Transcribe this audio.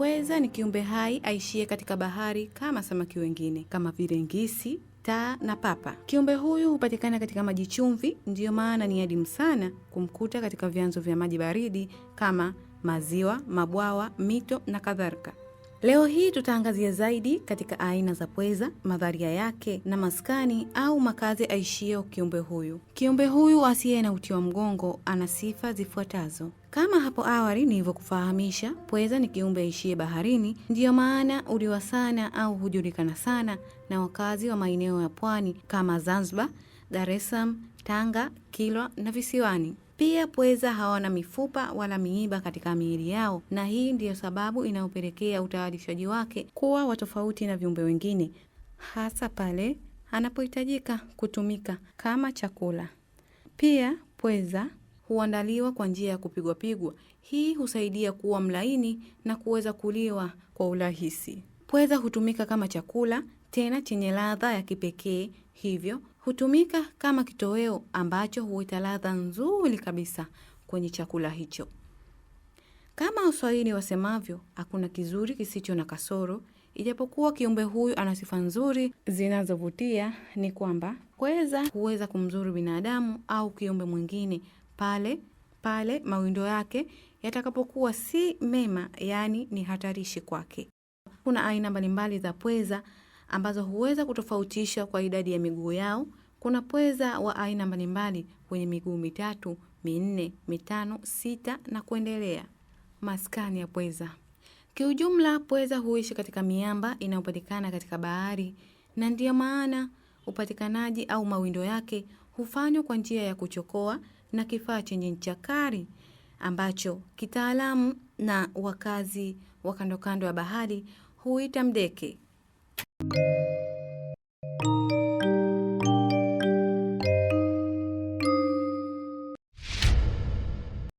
Pweza ni kiumbe hai aishie katika bahari kama samaki wengine kama vile ngisi, taa na papa. Kiumbe huyu hupatikana katika maji chumvi, ndiyo maana ni adimu sana kumkuta katika vyanzo vya maji baridi kama maziwa, mabwawa, mito na kadhalika. Leo hii tutaangazia zaidi katika aina za pweza, madharia yake na maskani au makazi aishio kiumbe huyu. Kiumbe huyu asiye na uti wa mgongo ana sifa zifuatazo. Kama hapo awali nilivyokufahamisha, pweza ni kiumbe aishie baharini, ndiyo maana uliwa sana au hujulikana sana na wakazi wa maeneo ya pwani kama Zanzibar, Dar es Salaam, Tanga, Kilwa na visiwani. Pia pweza hawana mifupa wala miiba katika miili yao, na hii ndiyo sababu inayopelekea utayarishaji wake kuwa wa tofauti na viumbe wengine, hasa pale anapohitajika kutumika kama chakula. Pia pweza huandaliwa kwa njia ya kupigwapigwa. Hii husaidia kuwa mlaini na kuweza kuliwa kwa urahisi. Pweza hutumika kama chakula tena chenye ladha ya kipekee, hivyo hutumika kama kitoweo ambacho huita ladha nzuri kabisa kwenye chakula hicho. Kama Waswahili wasemavyo, hakuna kizuri kisicho na kasoro. Ijapokuwa kiumbe huyu ana sifa nzuri zinazovutia, ni kwamba kweza huweza kumzuru binadamu au kiumbe mwingine pale pale mawindo yake yatakapokuwa si mema, yaani ni hatarishi kwake. Kuna aina mbalimbali za pweza ambazo huweza kutofautisha kwa idadi ya miguu yao. Kuna pweza wa aina mbalimbali wenye miguu mitatu, minne, mitano, sita na kuendelea. Maskani ya pweza. Kiujumla, pweza huishi katika miamba inayopatikana katika bahari, na ndiyo maana upatikanaji au mawindo yake hufanywa kwa njia ya kuchokoa na kifaa chenye ncha kali ambacho kitaalamu na wakazi wa kandokando ya bahari huita mdeke. Música